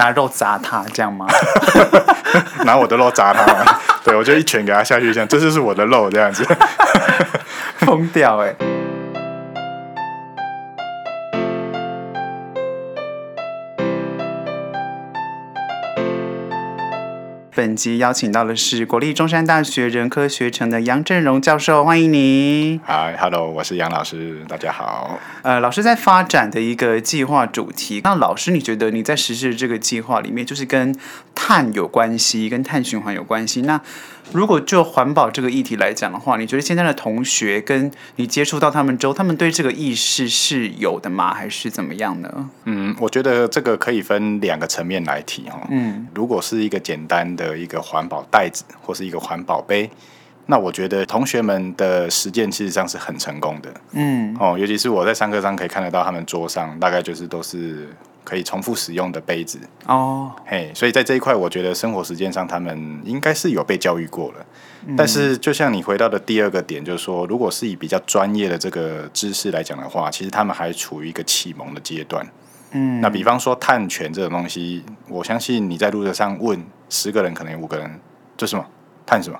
拿肉砸他，這樣嗎？ 拿我的肉砸他， 對，我就一拳給他下去，這樣，這就是我的肉，這樣子，瘋 掉，欸，哎。邀請到的是國立中山大學人科學程的楊政融教授，歡迎你。Hi，Hello，我是楊老師，大家好。呃，老師在發展的一個計劃主題，那老師你覺得你在實施這個計劃裡面，就是跟碳有關係，跟碳循環有關係，那？如果就環保這個議題來講的話，你覺得現在的同學跟你接觸到他們之後，他們對這個意識是有的嗎，還是怎麼樣呢？嗯，我覺得這個可以分兩個層面來提哈、哦。嗯，如果是一個簡單的一個環保袋子或是一個環保杯，那我覺得同學們的實踐其實上是很成功的。嗯，哦，尤其是我在上課上可以看得到，他們桌上大概就是都是。可以重複使用的杯子哦，嘿、oh. hey,，所以在這一塊，我覺得生活實踐上他們應該是有被教育過了。嗯、但是，就像你回到的第二個點，就是說，如果是以比較專業的這個知識來講的話，其實他們還處於一個啟蒙的階段。嗯，那比方說碳權這種東西，我相信你在路上問十個人，可能有五個人就什麼碳什麼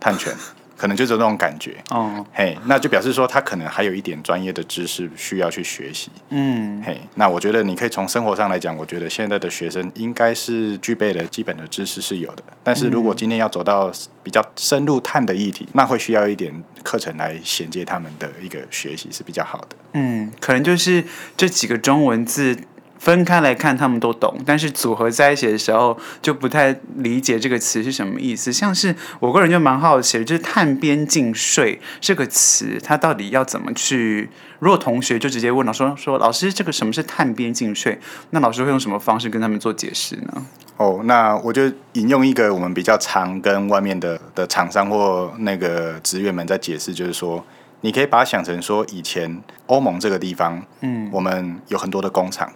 碳權。 可能就是那種感覺，哦，嘿，那就表示說他可能還有一點專業的知識需要去學習，嗯，嘿，那我覺得你可以從生活上來講，我覺得現在的學生應該是具備的基本的知識是有的，但是如果今天要走到比較深入探的議題，嗯，那會需要一點課程來銜接他們的一個學習是比較好的，嗯，可能就是這幾個中文字。分開來看，他們都懂，但是組合在一起的時候就不太理解這個詞是什麼意思。像是我個人就蠻好奇就是“碳邊境稅”這個詞，它到底要怎麼去？如果同學就直接問老師說：“老師，這個什麼是碳邊境稅？”那老師會用什麼方式跟他們做解釋呢？哦，那我就引用一個我們比較常跟外面的的廠商或那個職員們在解釋，就是說，你可以把它想成說，以前歐盟這個地方，嗯，我們有很多的工廠。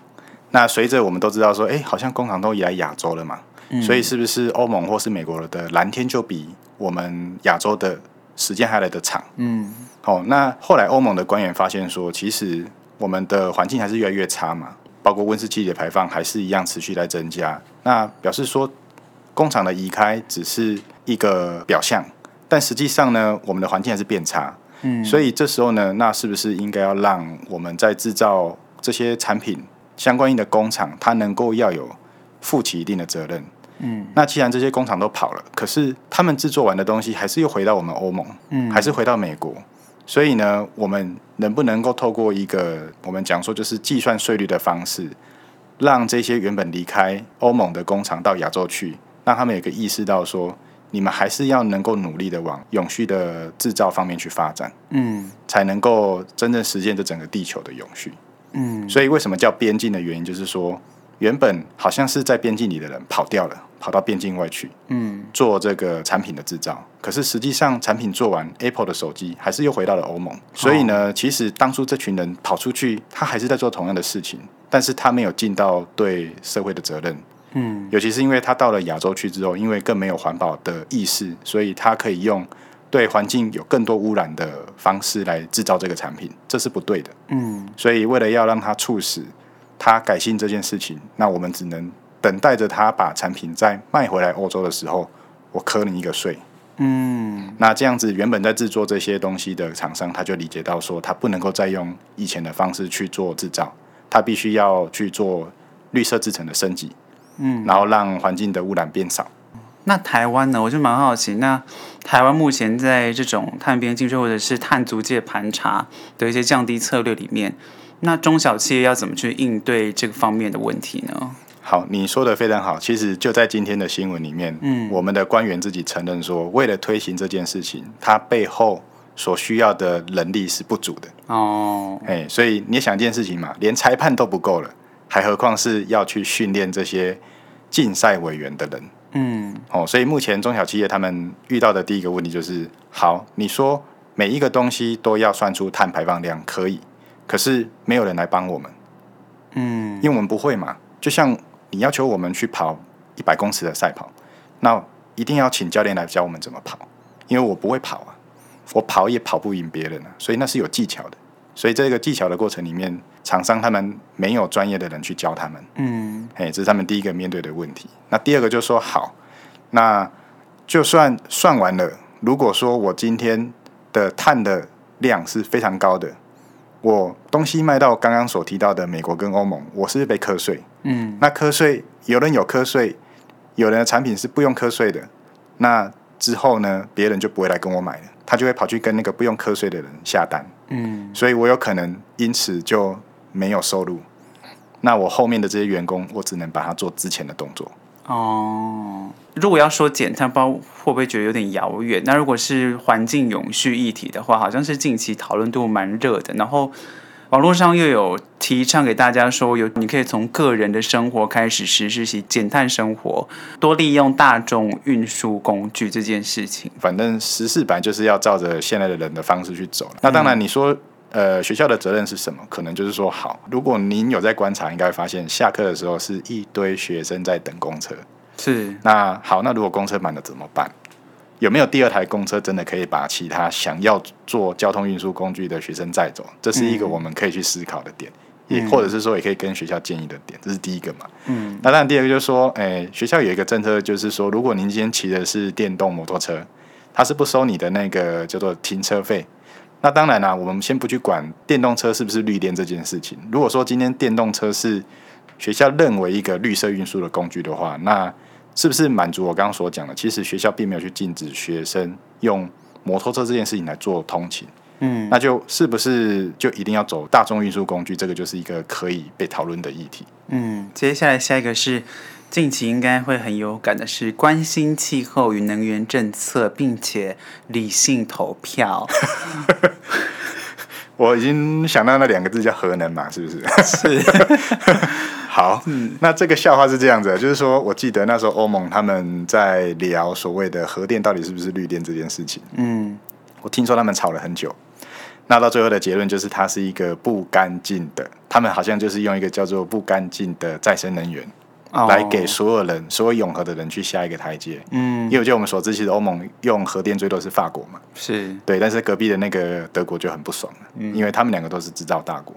那隨着我們都知道說，哎、欸，好像工廠都移來亞洲了嘛、嗯，所以是不是歐盟或是美國的藍天就比我們亞洲的時間還來得長？嗯，好、哦，那後來歐盟的官員發現說，其實我們的環境還是越來越差嘛，包括溫室氣體排放還是一樣持續在增加。那表示說工廠的移開只是一個表象，但實際上呢，我們的環境還是變差。嗯，所以這時候呢，那是不是應該要讓我們在製造這些產品？相關的工廠，它能夠要有負起一定的責任。嗯，那既然這些工廠都跑了，可是他們制作完的東西還是又回到我們歐盟，嗯，還是回到美國。所以呢，我們能不能夠透過一個我們講說就是計算稅率的方式，讓這些原本離開歐盟的工廠到亞洲去，讓他們有個意識到說，你們還是要能夠努力的往永續的制造方面去發展，嗯，才能夠真正實現這整個地球的永續。嗯，所以為什麼叫邊境的原因，就是說原本好像是在邊境裡的人跑掉了，跑到邊境外去，嗯，做這個產品的制造。可是實際上產品做完，Apple 的手機還是又回到了歐盟，哦。所以呢，其實當初這群人跑出去，他還是在做同樣的事情，但是他沒有盡到對社會的責任。嗯，尤其是因為他到了亞洲去之後，因為更沒有環保的意識，所以他可以用。對環境有更多污染的方式來製造這個產品，這是不對的。嗯，所以為了要讓它促使它改進這件事情，那我們只能等待着它把產品再賣回來歐洲的時候，我課你一個稅。嗯，那這樣子原本在制作這些東西的廠商，他就理解到說，他不能夠再用以前的方式去做製造，他必須要去做綠色製程的升級。嗯，然後讓環境的污染變少。那台灣呢？我就蠻好奇。那台灣目前在這種碳邊境稅，或者是碳足跡盤查的一些降低策略裡面，那中小企業要怎麼去應對這個方面的問題呢？好，你說的非常好。其實就在今天的新聞裡面、嗯，我們的官員自己承認說，為了推行這件事情，他背後所需要的能力是不足的哦。哎，所以你想一件事情嘛，連裁判都不夠了，還何況是要去訓練這些競賽委員的人？嗯，哦，所以目前中小企業他們遇到的第一個問題就是，好，你說每一個東西都要算出碳排放量可以，可是沒有人來幫我們，嗯，因為我們不會嘛，就像你要求我們去跑一百公尺的賽跑，那一定要請教練來教我們怎麼跑，因為我不會跑啊，我跑也跑不贏別人啊，所以那是有技巧的，所以這個技巧的過程裡面。廠商他們沒有專業的人去教他們，嗯，哎，這是他們第一個面對的問題。那第二個就是說好，那就算算完了，如果說我今天的碳的量是非常高的，我東西賣到剛剛所提到的美國跟歐盟，我是不是被課稅？嗯，那課稅，有人有課稅，有人的產品是不用課稅的，那之後呢，別人就不會來跟我買了，他就會跑去跟那個不用課稅的人下單，嗯，所以我有可能因此就沒有收入，那我後面的這些員工，我只能把他做之前的動作哦。如果要說減碳，不知道會不會覺得有點遙遠？那如果是環境永續議題的話，好像是近期討論度蠻熱的。然後網絡上又有提倡給大家說，有你可以從個人的生活開始實施起減碳生活，多利用大眾運輸工具這件事情。反正實事版就是要照着現在的人的方式去走了。那當然，你說。嗯呃，學校的責任是什麼？可能就是說，好，如果您有在觀察，應該會發現下課的時候是一堆學生在等公車。是。那好，那如果公車滿了怎麼辦？有沒有第二台公車，真的可以把其他想要坐交通運輸工具的學生載走？這是一個我們可以去思考的點，嗯、也或者是說也可以跟學校建議的點，這是第一個嘛。嗯。那當然，第二個就是說，哎、欸，學校有一個政策，就是說，如果您今天騎的是電動摩托車，它是不收你的那個叫做停車費。那當然啦、啊，我們先不去管電動車是不是綠電這件事情。如果說今天電動車是學校認為一個綠色運輸的工具的話，那是不是滿足我剛剛所講的？其實學校並沒有去禁止學生用摩托車這件事情來做通勤。嗯，那就是不是就一定要走大眾運輸工具？這個就是一個可以被討論的議題。嗯，接下來下一個是。近期應該會很有感的是，關心氣候與能源政策，並且理性投票。 我已經想到那兩個字叫核能嘛，是不是？是。 好是，那這個笑話是這樣子，就是說我記得那時候歐盟他們在聊所謂的核電到底是不是綠電這件事情。嗯，我聽說他們吵了很久。那到最後的結論就是，它是一個不乾淨的。他們好像就是用一個叫做“不乾淨”的再生能源。Oh. 來給所有人，所有永和的人去下一個台階。嗯，因為就我，我們所知，其實歐盟用核電最多是法國嘛，是對。但是隔壁的那個德國就很不爽了、啊嗯，因為他們兩個都是製造大國，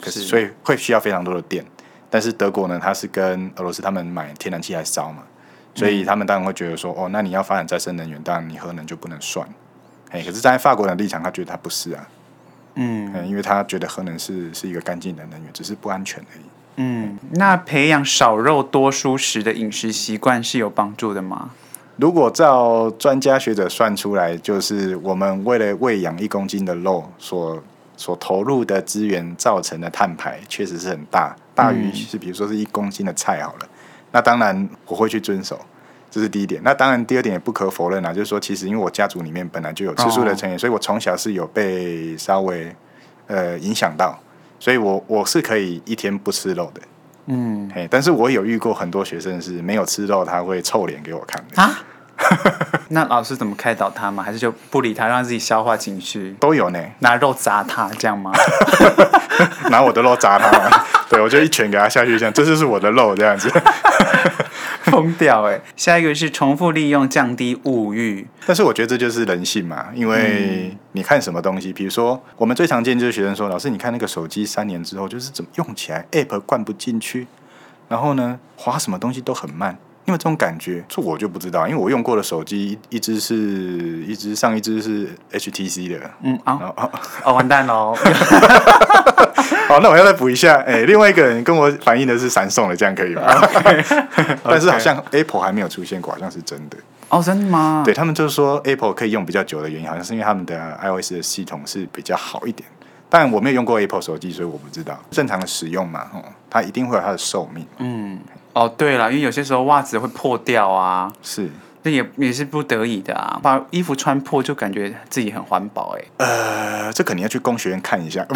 是可是所以會需要非常多的電。但是德國呢，它是跟俄羅斯他們買天然氣來燒嘛、嗯，所以他們當然會覺得說，哦，那你要發展再生能源，當然你核能就不能算。哎，可是站在法國人的立場，他覺得他不是啊，嗯，嗯因為他覺得核能是是一個乾淨的能源，只是不安全而已。嗯，那培養少肉多蔬食的飲食習慣是有幫助的嗎？如果照專家學者算出來，就是我們為了餵養一公斤的肉所，所所投入的資源造成的碳排確實是很大，大於是比如說是一公斤的菜好了，嗯。那當然我會去遵守，這是第一點。那當然第二點也不可否認啊，就是說其實因為我家族裡面本來就有吃素的成員，哦，所以我從小是有被稍微呃影響到。所以我，我我是可以一天不吃肉的，嗯，嘿，但是我有遇過很多學生是沒有吃肉，他會臭臉給我看的啊。 那老師怎麼開導他嗎？還是就不理他，讓自己消化情緒？都有呢，拿肉砸他這樣嗎？ 拿我的肉砸他嗎， 對我就一拳給他下去，像這樣這就是我的肉這樣子。 瘋 掉。哎、欸！下一個是重複利用，降低物欲。但是我覺得這就是人性嘛，因為你看什麼東西，比、嗯、如說我們最常見就是學生說：“老師，你看那個手機三年之後就是怎麼用起來，App 灌不進去，然後呢，滑什麼東西都很慢。”因為這種感覺，這我就不知道，因為我用過的手機一直是，一只上一只是 HTC 的，嗯哦哦哦完蛋嘍、哦！ 好，那我要再補一下，哎、欸，另外一個人跟我反映的是 Samsung 的，這樣可以嗎？Okay. 但是好像 Apple 還沒有出現過，好像是真的哦，真的嗎？對他們就是說 Apple 可以用比較久的原因，好像是因為他們的 iOS 的系統是比較好一點，但我沒有用過 Apple 手機，所以我不知道。正常的使用嘛，它一定會有它的壽命，嗯。哦，對了，因為有些時候襪子會破掉啊，是，那也也是不得已的啊。把衣服穿破就感覺自己很環保哎、欸。呃，這肯、個、定要去工學院看一下。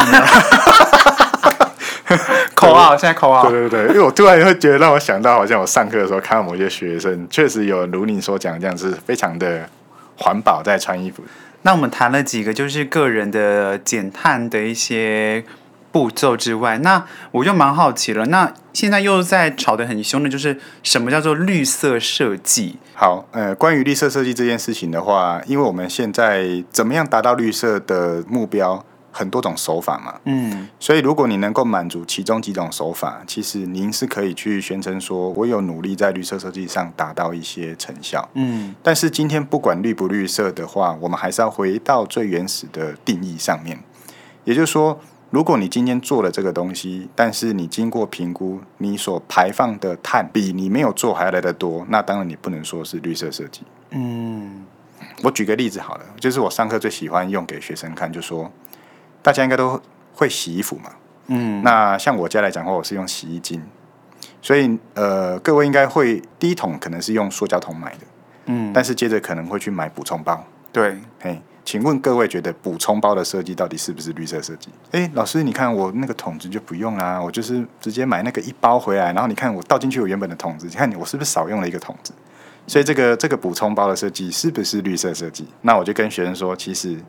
口號，現在口號，對對對，因為我突然會覺得讓我想到，好像我上課的時候看到某些學生， 確實有如你所講這樣子，非常的環保在穿衣服。那我們談了幾個，就是個人的減碳的一些。步驟之外，那我就蠻好奇了。那現在又在吵得很兇的，就是什麼叫做綠色設計？好，呃，關於綠色設計這件事情的話，因為我們現在怎麼樣達到綠色的目標，很多種手法嘛。嗯，所以如果你能夠滿足其中幾種手法，其實您是可以去宣稱說，我有努力在綠色設計上達到一些成效。嗯，但是今天不管綠不綠色的話，我們還是要回到最原始的定義上面，也就是說。如果你今天做了這個東西，但是你經過評估，你所排放的碳比你沒有做還來得多，那當然你不能說是綠色設計。嗯，我舉個例子好了，就是我上課最喜歡用給學生看，就說大家應該都會洗衣服嘛，嗯，那像我家來講的話，我是用洗衣精，所以呃，各位應該會第一桶可能是用塑膠桶買的，嗯，但是接着可能會去買補充包。對，嘿，請問各位覺得補充包的設計到底是不是綠色設計？哎，老師，你看我那個桶子，就不用啦，啊，我就是直接買那個一包回來，然後你看我倒進去我原本的桶子，你看我是不是少用了一個桶子？所以這個這個補充包的設計是不是綠色設計？那我就跟學生說，其實。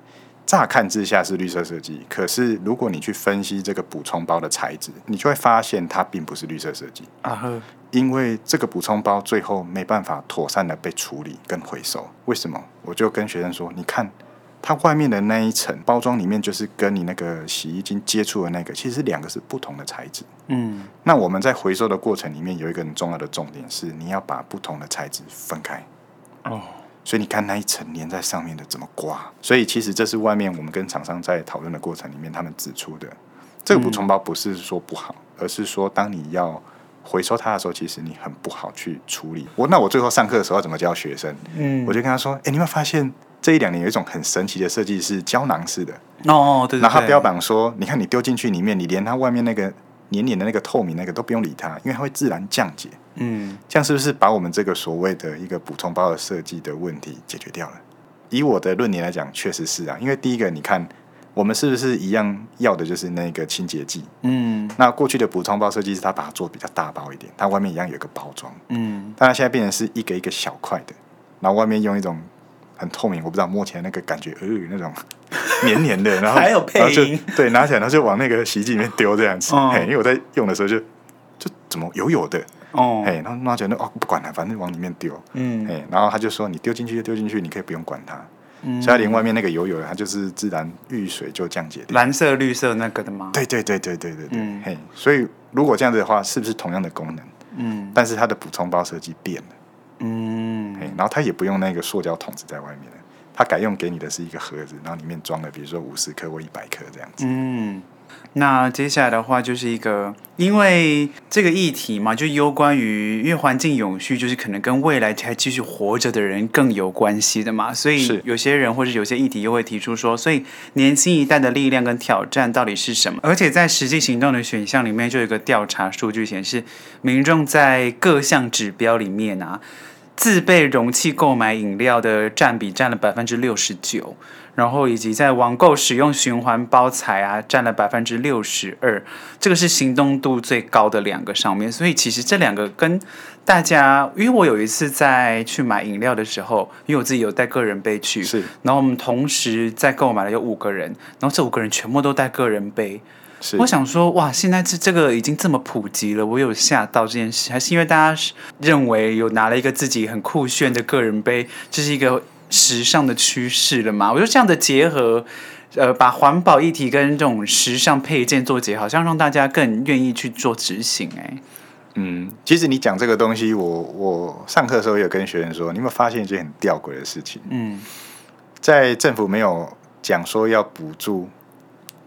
乍看之下是綠色設計，可是如果你去分析這個補充包的材質，你就會發現它並不是綠色設計啊。因為這個補充包最後沒辦法妥善的被處理跟回收。為什麼？我就跟學生說，你看它外面的那一層包裝，裡面就是跟你那個洗衣精接觸的那個，其實兩個是不同的材質。嗯，那我們在回收的過程裡面有一個很重要的重點是，你要把不同的材質分開。哦。所以你看那一層粘在上面的怎麼刮？所以其實這是外面我們跟廠商在討論的過程裡面，他們指出的這個補充包不是說不好，嗯，而是說當你要回收它的時候，其實你很不好去處理。我那我最後上課的時候要怎麼教學生？嗯，我就跟他說：哎，你有沒有發現這一兩年有一種很神奇的設計是膠囊式的？哦，對、對、對，然後它標榜說，你看你丟進去裡面，你連它外面那個黏黏的那個透明那個都不用理它，因為它會自然降解。嗯，這樣是不是把我們這個所謂的一個補充包的設計的問題解決掉了？以我的論點來講，確實是啊。因為第一個，你看，我們是不是一樣要的就是那個清潔劑？嗯，那過去的補充包設計是它把它做比較大包一點，它外面一樣有一個包裝。嗯，但它現在變成是一個一個小塊的，然後外面用一種很透明，我不知道摸起來那個感覺，呃，那種黏黏的，然後還有配音，然後就，對，拿起來然後就往那個洗衣機裡面丟這樣子。嘿、嗯，因為我在用的時候就。有有的哦，嘿，然後他覺得哦，不管了，反正往裡面丟，嗯，嘿，然後他就說你丟進去就丟進去，你可以不用管它，嗯，所以他連外面那個油油，它就是自然遇水就降解的，藍色綠色那個的嗎？對對對對對對對，嗯，嘿，所以如果這樣子的話，是不是同樣的功能？嗯，但是它的補充包設計變了，嗯，嘿，然後它也不用那個塑膠桶子在外面了，它改用給你的是一個盒子，然後裡面裝了，比如說五十克或一百克這樣子，嗯。那接下來的話就是一個，因為這個議題嘛，就有關於因為環境永續，就是可能跟未來還繼續活着的人更有關係的嘛，所以有些人或者有些議題又會提出說，所以年輕一代的力量跟挑戰到底是什麼？而且在實際行動的選項裡面，就有一個調查數據顯示，民眾在各項指標裡面啊，自備容器購買飲料的佔比佔了百分之六十九。然後以及在網購使用循環包材啊，占了百分之六十二，這個是行動度最高的兩個上面。所以其實這兩個跟大家，因為我有一次在去買飲料的時候，因為我自己有帶個人杯去，是。然後我們同時在購買了有五個人，然後這五個人全部都帶個人杯，是。我想說，哇，現在這這個已經這麼普及了，我有嚇到這件事，還是因為大家認為有拿了一個自己很酷炫的個人杯，這、就是一個。時尚的趨勢了嘛？我覺得這樣的結合，呃，把環保議題跟這種時尚配件做結合，好像讓大家更願意去做執行、欸。哎，嗯，其實你講這個東西，我我上課的時候有跟學員說，你有沒有發現一件很吊詭的事情？嗯，在政府沒有講說要補助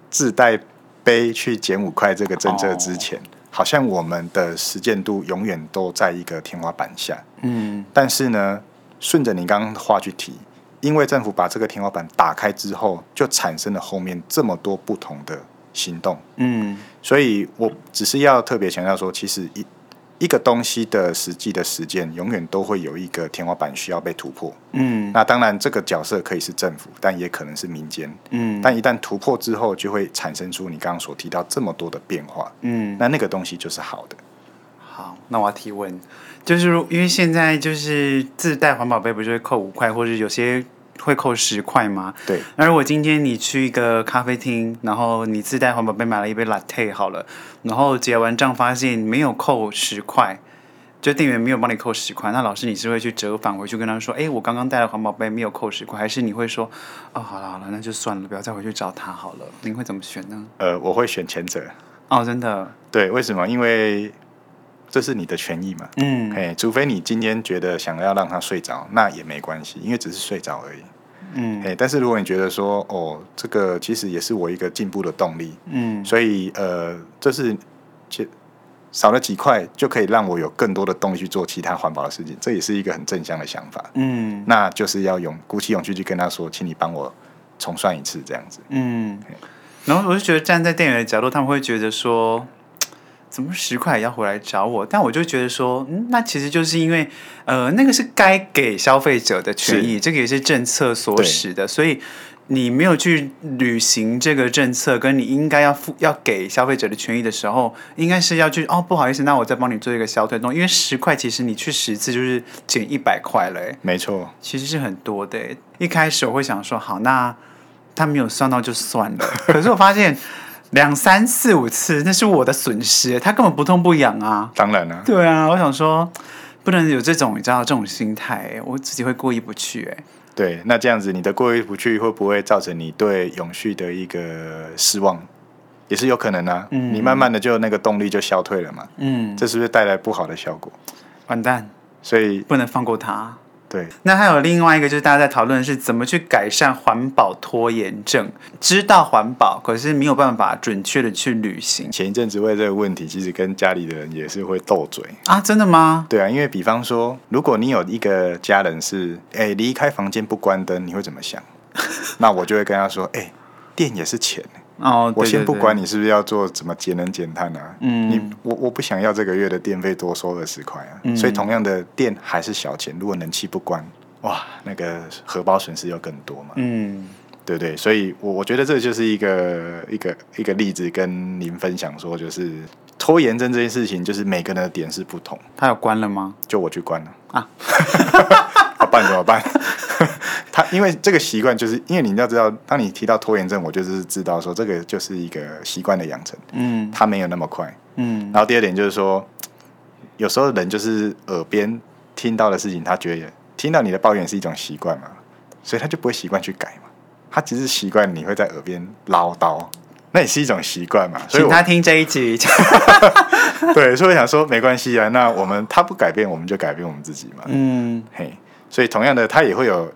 自帶杯去減五塊這個政策之前，哦、好像我們的實踐度永遠都在一個天花板下。嗯，但是呢。順着你剛剛的話去提，因為政府把這個天花板打開之後，就產生了後面這麼多不同的行動。嗯，所以我只是要特別強調說，其實一一個東西的實際的時間，永遠都會有一個天花板需要被突破。嗯，那當然這個角色可以是政府，但也可能是民間。嗯，但一旦突破之後，就會產生出你剛剛所提到這麼多的變化。嗯，那那個東西就是好的。好，那我要提問。就是因為現在就是自帶環保杯，不是會扣五塊，或者有些會扣十塊嗎？對。如果今天你去一個咖啡廳，然後你自帶環保杯買了一杯 latte 好了，然後結完賬發現沒有扣十塊，就店員沒有幫你扣十塊，那老師你是會去折返回去跟他說，哎、欸，我剛剛帶了環保杯，沒有扣十塊，還是你會說，哦，好了好了，那就算了，不要再回去找他好了，你會怎麼選呢？呃，我會選前者。哦，真的。對，為什麼？因為。這是你的權益嘛？嗯，嘿，除非你今天覺得想要讓他睡着，那也沒關係，因為只是睡着而已。嗯，嘿，但是如果你覺得說，哦，這個其實也是我一個進步的動力。嗯，所以呃，這是少了幾塊，就可以讓我有更多的動力去做其他環保的事情，這也是一個很正向的想法。嗯，那就是要勇，鼓起勇氣去跟他說，請你幫我重算一次這樣子。嗯，然後我就覺得站在店員的角度，他們會覺得說。怎麼十塊也要回來找我？但我就覺得說，嗯，那其實就是因為，呃，那個是該給消費者的權益，這個也是政策所使的。所以你沒有去履行這個政策，跟你應該要付要給消費者的權益的時候，應該是要去哦，不好意思，那我再幫你做一個小推動。因為十塊其實你去十次就是減一百塊了。欸，沒錯，其實是很多的。欸。一開始我會想說，好，那他沒有算到就算了。 可是我發現。兩三四五次，那是我的損失，他根本不痛不癢啊！當然了，啊，對啊，我想說，不能有這種你知道這種心態，我自己會過意不去哎。對，那這樣子你的過意不去會不會造成你對永續的一個失望？也是有可能啊。嗯，你慢慢的就那個動力就消退了嘛。嗯，這是不是帶來不好的效果？完蛋，所以不能放過他。對，那還有另外一個，就是大家在討論的是怎麼去改善環保拖延症，知道環保，可是沒有辦法準確的去履行。前一陣子為這個問題，其實跟家裡的人也是會鬥嘴啊。真的嗎？對啊，因為比方說，如果你有一個家人是哎、欸，離開房間不關燈，你會怎麼想？ 那我就會跟他說，哎、欸，電也是錢。Oh, 對對對，我先不管你是不是要做怎麼節能減碳啊、嗯、你我我不想要這個月的電費多收二十塊啊、嗯，所以同樣的電還是小錢，如果冷氣不關，哇，那個荷包損失又更多嘛，嗯，對不對？所以，我我覺得這就是一個一個一個例子，跟您分享說就是。拖延症這件事情，就是每個人的點是不同。他有關了嗎？就我去關了。啊，哈 怎好辦？怎 麼好辦？ 他因為這個習慣，就是因為你要知道，當你提到拖延症，我就是知道說，這個就是一個習慣的養成。嗯，他沒有那麼快。嗯，然後第二點就是說，有時候人就是耳邊聽到的事情，他覺得聽到你的抱怨是一種習慣嘛，所以他就不會習慣去改嘛。他只是習慣你會在耳邊嘮叨。那也是一種習慣嘛，所以請他聽這一集。 對，所以我想說沒關係啊，那我們他不改變，我們就改變我們自己嘛。嗯，嘿，所以同樣的，他也會有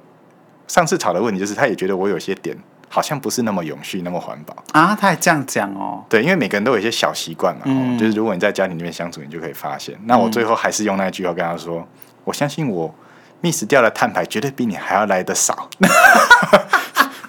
上次吵的問題，就是他也覺得我有些點好像不是那麼永續、那麼環保啊。他還這樣講哦，對，因為每個人都有一些小習慣嘛，嗯，就是如果你在家庭裡面相處，你就可以發現。那我最後還是用那句話跟他說：嗯，我相信我 miss 掉的碳排絕對比你還要來得少。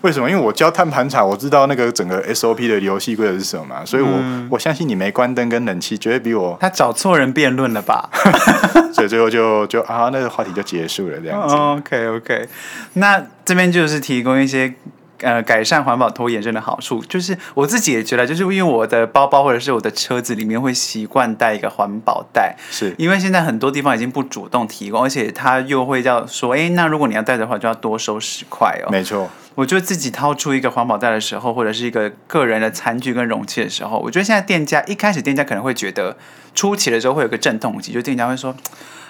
為什麼？因為我教碳盤查，我知道那個整個 SOP 的遊戲規則是什麼嘛，所以我、嗯、我相信你沒關燈跟冷氣，絕對比我他找錯人辯論了吧， 所以最後就就啊那個話題就結束了這樣子。哦、OK OK，那這邊就是提供一些。呃，改善環保拖延症的好處，就是我自己也覺得，就是因為我的包包或者是我的車子裡面會習慣帶一個環保袋，是因為現在很多地方已經不主動提供，而且他又會要說，哎、欸，那如果你要帶的話，就要多收十塊哦。沒錯，我就自己掏出一個環保袋的時候，或者是一個個人的餐具跟容器的時候，我覺得現在店家一開始，店家可能會覺得初期的時候會有個陣痛期，就店家會說。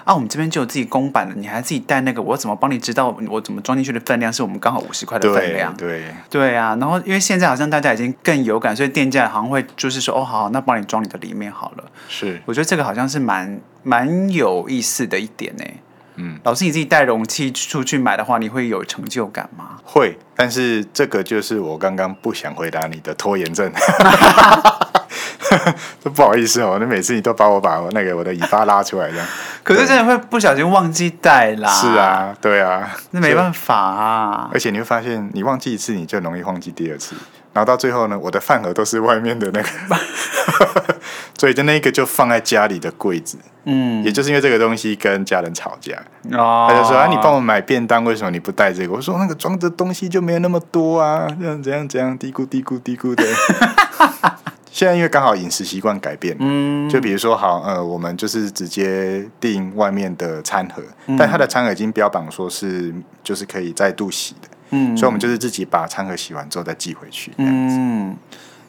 啊，我們這邊就有自己公版的，你還自己帶那個？我怎麼幫你知道？我怎麼裝進去的分量是我們剛好五十塊的分量？對對，對啊，然後因為現在好像大家已經更有感，所以店家好像會就是說，哦，好，好，那幫你裝你的裡面好了。是，我覺得這個好像是蠻蠻有意思的一點呢、欸。嗯，老師，你自己帶容器出去買的話，你會有成就感嗎？會，但是這個就是我剛剛不想回答你的拖延症。 都不好意思哦，你每次你都把我把我那個我的尾巴拉出來這樣，可是真的會不小心忘記帶啦。是啊，對啊，那沒辦法啊。而且你會發現，你忘記一次，你就容易忘記第二次，然後到最後呢，我的飯盒都是外面的那個， 所以就那個就放在家裡的櫃子。嗯，也就是因為這個東西跟家人吵架，哦、他就說：“啊，你幫我買便當，為什麼你不帶這個？”我說：“那個裝的東西就沒有那麼多啊。”這樣、這樣、這樣嘀咕嘀咕嘀咕的。 現在因為剛好飲食習慣改變，嗯，就比如說好，呃，我們就是直接訂外面的餐盒，嗯、但他的餐盒已經標榜說是就是可以再度洗的，嗯，所以我們就是自己把餐盒洗完之後再寄回去這樣子。嗯，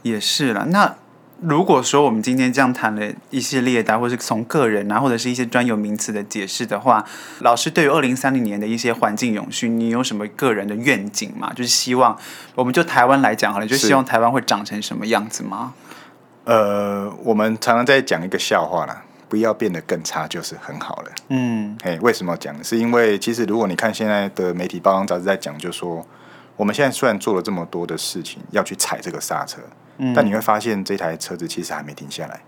也是了。那如果說我們今天這樣談了一系列的，或是從個人啊，或者是一些專有名詞的解釋的話，老師對於二零三零年的一些環境永續，你有什麼個人的願景嗎？就是希望我們就台灣來講，好了，就希望台灣會長成什麼樣子嗎？呃，我們常常在講一個笑話啦，不要變得更差就是很好了。嗯，嘿，hey，為什麼講？是因為其實如果你看現在的媒體報章雜誌在講，就說我們現在雖然做了這麼多的事情要去踩這個剎車，嗯，但你會發現這台車子其實還沒停下來。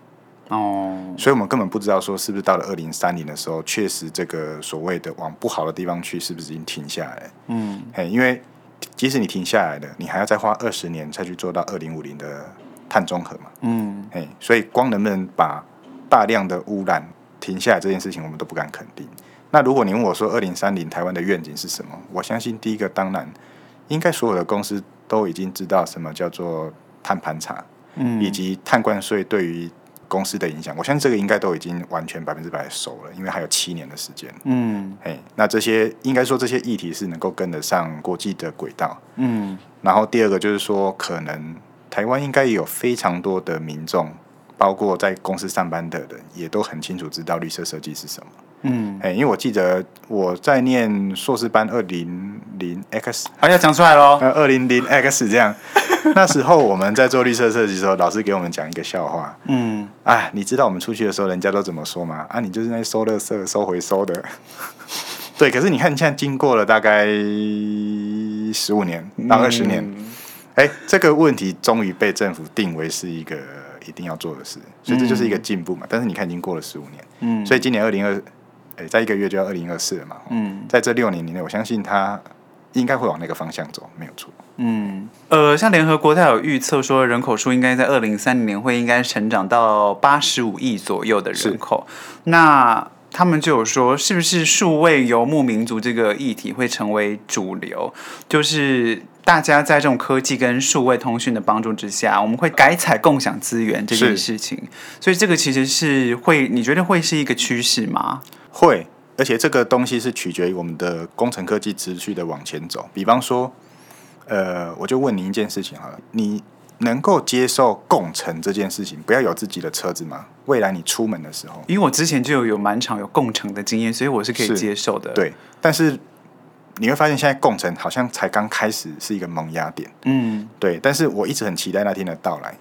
哦，所以我們根本不知道說是不是到了二零三零的時候，確實這個所謂的往不好的地方去，是不是已經停下來？嗯，嘿，hey，因為即使你停下來了，你還要再花二十年才去做到二零五零的。碳中和嘛，嗯，誒。所以光能不能把大量的污染停下來這件事情，我們都不敢肯定。那如果你問我說，2030台灣的願景是什麼？我相信第一個，當然應該所有的公司都已經知道什麼叫做碳盤查，嗯，以及碳關稅對於公司的影響。我相信這個應該都已經完全百分之百熟了，因為還有七年的時間，嗯，誒，那這些應該說這些議題是能夠跟得上國際的軌道，嗯。然後第二個就是說，可能。台灣應該也有非常多的民眾，包括在公司上班的人，也都很清楚知道綠色設計是什麼。嗯，哎、欸，因為我記得我在念碩士班二零零 X，好像要講出來嘍，二零零 X 這樣。 那時候我們在做綠色設計的時候，老師給我們講一個笑話。嗯、啊，你知道我們出去的時候人家都怎麼說嗎？啊，你就是在收垃圾、收回收的。 對，可是你看，現在經過了大概十五年到二十年。哎，這個問題終於被政府定為是一個一定要做的事，所以這就是一個進步嘛。嗯，但是你看，已經過了十五年，嗯，所以今年二零二，哎，在一個月就要二零二四了嘛，嗯，在這六年裡我相信它應該會往那個方向走，沒有錯，嗯，呃，像聯合國它有預測說人口數應該在二零三零年會應該成長到八十五億左右的人口，那。他們就有說，是不是數位游牧民族這個議題會成為主流？就是大家在這種科技跟數位通訊的幫助之下，我們會改採共享資源這件事情。所以這個其實是會，你覺得會是一個趨勢嗎？會，而且這個東西是取決於我們的工程科技持續的往前走。比方說，呃，我就問你一件事情好了，你。能夠接受共乘這件事情，不要有自己的車子嗎？未來你出門的時候，因為我之前就有滿蠻長有共乘的經驗，所以我是可以接受的。對，但是你會發現現在共乘好像才剛開始是一個萌芽點。嗯，對，但是我一直很期待那天的到來。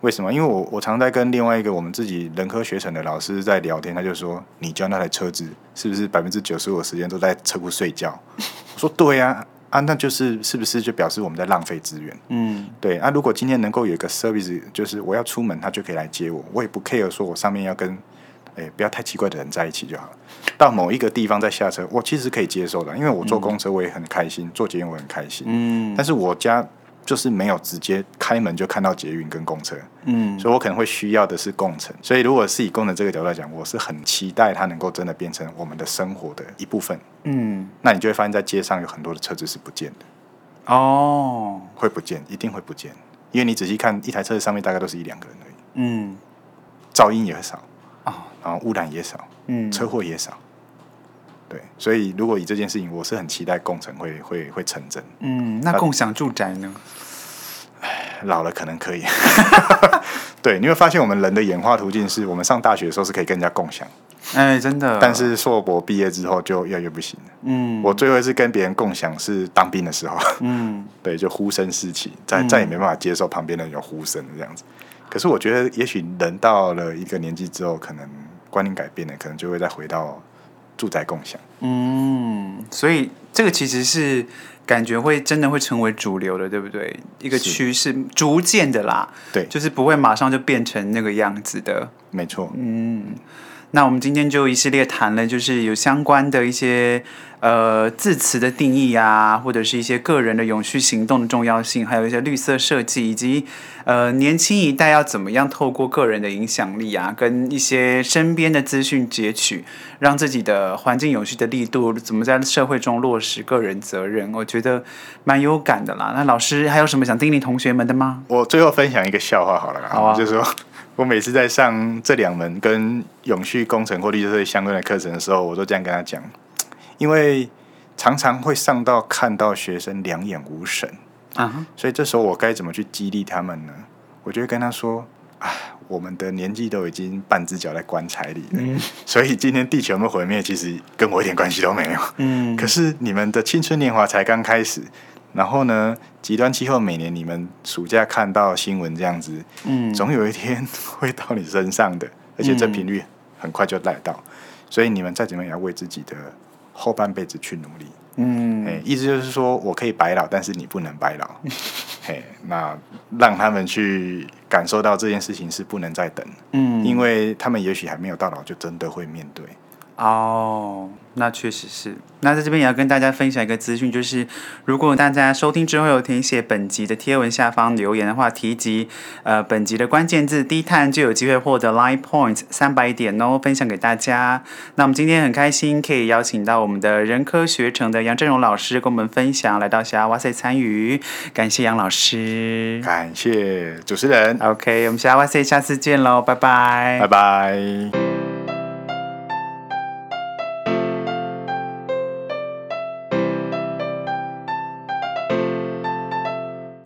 為什麼？因為我我常在跟另外一個我們自己人科學程的老師在聊天，他就說：“你教那台車子是不是百分之九十五的時間都在車庫睡覺？” 我說對、啊：“對呀。”啊，那就是是不是就表示我們在浪費資源？嗯，對。啊，如果今天能夠有一個 service，就是我要出門，他就可以來接我，我也不 care 說我上面要跟誒、欸，不要太奇怪的人在一起就好了，到某一個地方再下車，我其實可以接受的，因為我坐公車我也很開心，嗯，坐捷運我很開心。嗯，但是我家。就是沒有直接開門就看到捷運跟公車，嗯，所以我可能會需要的是共乘。所以如果是以共乘這個角度來講，我是很期待它能夠真的變成我們的生活的一部分，嗯，那你就會發現在街上有很多的車子是不見的，哦，會不見，一定會不見，因為你仔細看一台車子上面大概都是一兩個人而已，嗯，噪音也很少啊、哦，然後污染也少，嗯，車禍也少。對，所以如果以這件事情，我是很期待共成會會會成真。嗯，那共享住宅呢？老了可能可以。 對，你會發現我們人的演化途徑是，我們上大學的時候是可以跟人家共享。哎、欸，真的。但是碩博畢業之後就越來越不行了。嗯。我最後一次跟別人共享是當兵的時候。嗯。對，就呼聲四起，再，再也沒辦法接受旁邊的人有呼聲這樣子、嗯。可是我覺得，也許人到了一個年紀之後，可能觀念改變了，可能就會再回到。住宅共享，嗯，所以這個其實是感覺會真的會成為主流的，對不對？一個趨勢，逐漸的啦，對，就是不會馬上就變成那個樣子的，沒錯，嗯。那我們今天就一系列談了，就是有相關的一些呃字詞的定義啊，或者是一些個人的永續行動的重要性，還有一些綠色設計，以及呃年輕一代要怎麼樣透過個人的影響力啊，跟一些身邊的資訊截取，讓自己的環境永續的力度，怎麼在社會中落實個人責任，我覺得蠻有感的啦。那老師還有什麼想叮嚀同學們的嗎？我最後分享一個笑話好了嗎？好啊，就是說。 我每次在上這兩門跟永續工程或綠色相關的課程的時候，我都這樣跟他講，因為常常會上到看到學生兩眼無神，啊，所以這時候我該怎麼去激勵他們呢？我就會跟他說：“啊，我們的年紀都已經半隻腳在棺材裡了，嗯，所以今天地球有沒有毀滅，其實跟我一點關係都沒有，嗯。可是你們的青春年華才剛開始。”然後呢，極端氣候每年你們暑假看到新聞這樣子，嗯，總有一天會到你身上的，而且這頻率很快就來到，嗯，所以你們再怎麼也要為自己的後半輩子去努力，嗯、哎，意思就是說我可以白老，但是你不能白老， 哎，那讓他們去感受到這件事情是不能再等，嗯，因為他們也許還沒有到老，就真的會面對。哦，那確實是。那在這邊也要跟大家分享一個資訊，就是如果大家收聽之後有填寫本集的貼文下方留言的話，提及呃本集的關鍵字低碳，就有機會獲得 Line Points 三百點哦，分享給大家。那我們今天很開心可以邀請到我們的人科學程的楊政融老師跟我們分享，來到西啊灣 SAY 參與，感謝楊老師，感謝主持人。OK，我們西啊灣 SAY 下次見嘍，拜拜，拜拜。